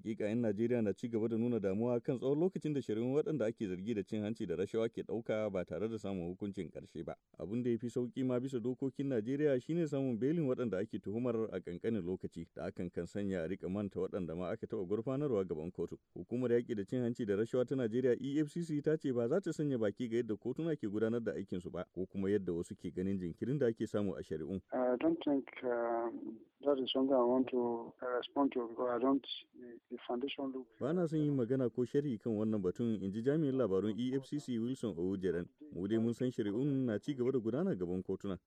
Hakika yan Najeriya na ci gaba da nuna damuwa kan tsawon lokacin da shirin waɗanda ake zargi da cin hanci da rashawa ke ɗauka ba tare da samun hukuncin ƙarshe ba. Abin da ya fi sauƙi ma bisa dokokin Najeriya shine samun belin waɗanda ake tuhumar a ƙanƙanin lokaci da akan kan sanya a rika manta waɗanda ma aka taɓa gurfanarwa gaban kotu. Hukumar yaƙi da cin hanci da rashawa ta Najeriya EFCC ta ce ba za ta sanya baki ga yadda kotuna ke gudanar da aikinsu ba ko kuma yadda wasu ke ganin jinkirin da ake samu a shari'un. I don't think uh, that is something I want to uh, respond to I don't Ba na son yin magana ko sharhi kan wannan batun in ji jami'in labarun EFCC Wilson Owujeren. Mu dai mun san shari'un na ci gaba da gudana gaban kotuna.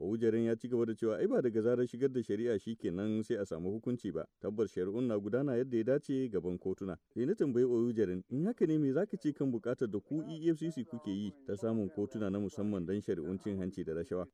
Owujeren ya ci gaba da cewa ai ba daga zarar shigar da shari'a shi kenan sai a samu hukunci ba. tabbar shari'un na gudana yadda ya dace gaban kotuna. Sai eh, na tambayi Owujeren in haka ne me zaka ce kan bukatar da ku EFCC kuke yi ta samun kotuna na musamman dan shari'un cin hanci da rashawa.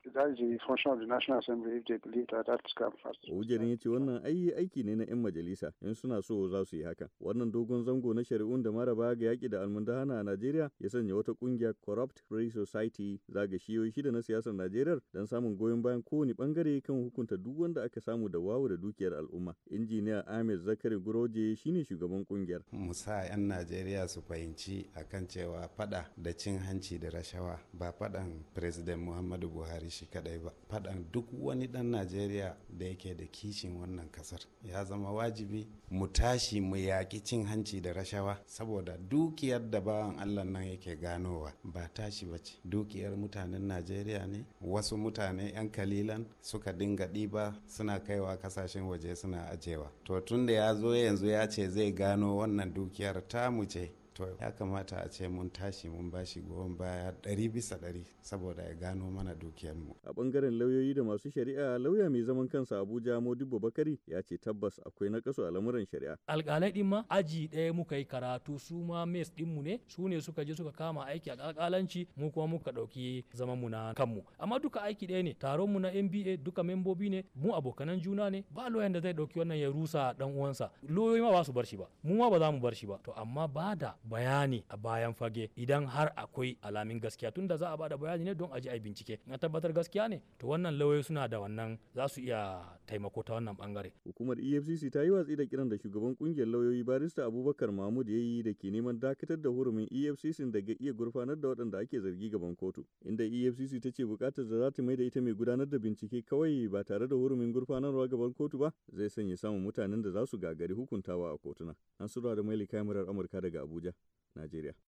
Owujeren ya ce wannan ai aiki ne na 'yan majalisa in suna so za su yi hakan. Wannan dogon zango na shari'un da maraba ga yaƙi da almundana a Najeriya ya sanya wata ƙungiya Corrupt Free Society shiyoyi shida na siyasar Najeriya don samun goyon bayan kowane bangare kan hukunta duk wanda aka samu da wawu da dukiyar al'umma. Injiniya Ahmed Zakari Guroje shine shugaban ƙungiyar. Musa 'yan Najeriya su fahimci akan cewa fada da cin hanci da rashawa ba fadan President Muhammadu Buhari shi kadai ba. Fadan duk wani dan Najeriya da yake da kishin wannan kasar. Ya zama wajibi mu tashi mu yaƙi cin hanci da rashawa saboda dukiyar da bawan allah nan yake ganowa ba tashi ba ce dukiyar mutanen najeriya ne wasu mutane 'yan kalilan suka dinga ɗiba suna kaiwa kasashen waje suna ajewa to tun da ya zo yanzu ya ce zai gano wannan dukiyar tamu ce ya kamata a ce mun tashi mun bashi goyon baya ɗari bisa ɗari saboda ya gano mana mu. a ɓangaren lauyoyi da masu shari'a lauya mai zaman kansa abuja modibo bakari ya ce tabbas akwai na kaso a lamuran shari'a alƙalai ɗin ma aji ɗaya muka yi karatu su ma mes mu ne su ne suka je suka kama aiki a alƙalanci mu kuma muka ɗauki zaman mu na kanmu amma duka aiki ɗaya ne taron mu na nba duka membobi ne mu abokanan juna ne ba lauyan da zai ɗauki wannan ya rusa ɗan uwansa lauyoyi ma ba su bar shi ba mu ma ba za mu bar shi ba to amma ba da bayani a bayan fage idan har akwai alamin gaskiya tunda za a bada bayani ne don a ji a bincike na tabbatar gaskiya ne to wannan lauyoyi suna da wannan za su iya taimako ta wannan bangare hukumar efcc ta yi watsi da kiran da shugaban kungiyar lauyoyi barista abubakar mahmud ya yi da ke neman dakatar da hurumin efcc daga iya gurfanar da waɗanda ake zargi gaban kotu inda efcc ta ce buƙatar da za ta mai da ita mai gudanar da bincike kawai ba tare da hurumin gurfanarwa gaban kotu ba zai sanya samun mutanen da za su gagari hukuntawa a kotuna an sura da maili kamarar amurka daga abuja Nigeria.